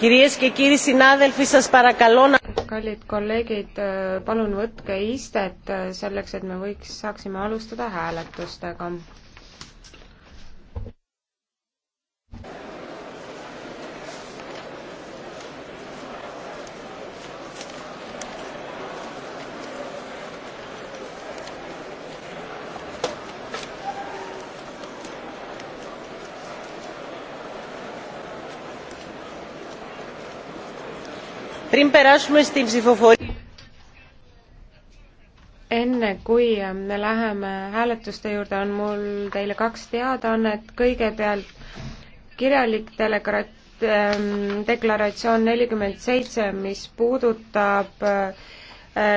kallid kolleegid, palun võtke istet selleks, et me võiks, saaksime alustada hääletustega. Πριν περάσουμε στην ψηφοφορία... enne kui ähm, me läheme hääletuste juurde, on mul teile kaks teadaannet. kõigepealt kirjalik telegra-, ähm, deklaratsioon nelikümmend seitse, mis puudutab äh,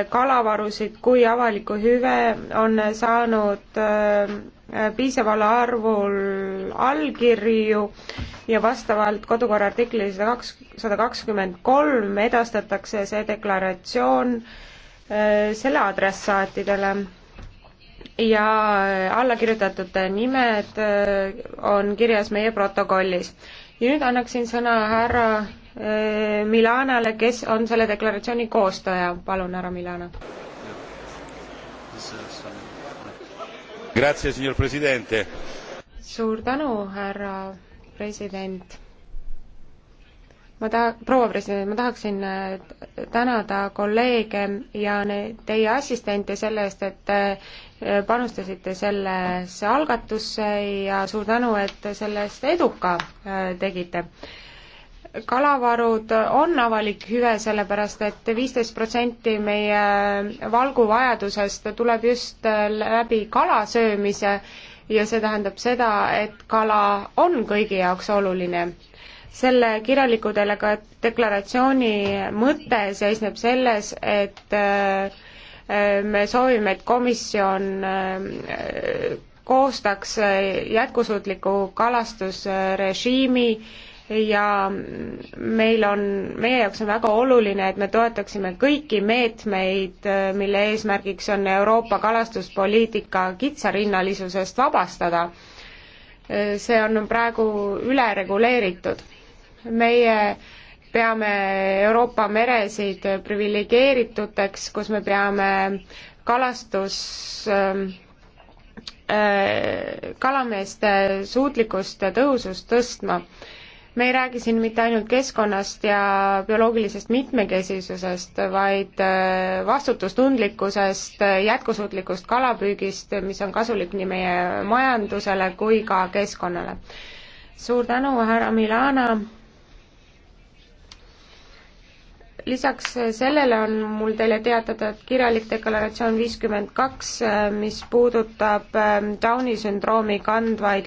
kalavarusid kui avalikku hüve, on saanud äh, piisaval arvul allkirju ja vastavalt kodukorra artikli sada kaks, sada kakskümmend kolm edastatakse see deklaratsioon äh, selle adressaatidele ja allakirjutatute nimed äh, on kirjas meie protokollis. ja nüüd annaksin sõna härra äh, Milanale, kes on selle deklaratsiooni koostaja, palun, härra Milana. suur tänu, härra president. ma taha-, proua president, ma tahaksin äh, tänada kolleege ja ne-, teie assistente selle eest, et äh, panustasite sellesse algatusse ja suur tänu, et selle eest eduka äh, tegite kalavarud on avalik hüve, sellepärast et viisteist protsenti meie valguvajadusest tuleb just läbi kalasöömise ja see tähendab seda, et kala on kõigi jaoks oluline. selle kirjaliku delega-, deklaratsiooni mõte seisneb selles, et äh, me soovime, et komisjon äh, koostaks jätkusuutliku kalastusrežiimi ja meil on, meie jaoks on väga oluline, et me toetaksime kõiki meetmeid, mille eesmärgiks on Euroopa kalastuspoliitika kitsarinnalisusest vabastada. see on praegu ülereguleeritud. meie peame Euroopa meresid priviligeerituteks, kus me peame kalastus ähm, äh, kalameeste suutlikkust ja tõhusust tõstma me ei räägi siin mitte ainult keskkonnast ja bioloogilisest mitmekesisusest, vaid äh, vastutustundlikkusest, jätkusuutlikust kalapüügist, mis on kasulik nii meie majandusele kui ka keskkonnale. suur tänu, härra Milana! lisaks sellele on mul teile teatada, et kirjalik deklaratsioon viiskümmend kaks, mis puudutab äh, Downi sündroomi kandvaid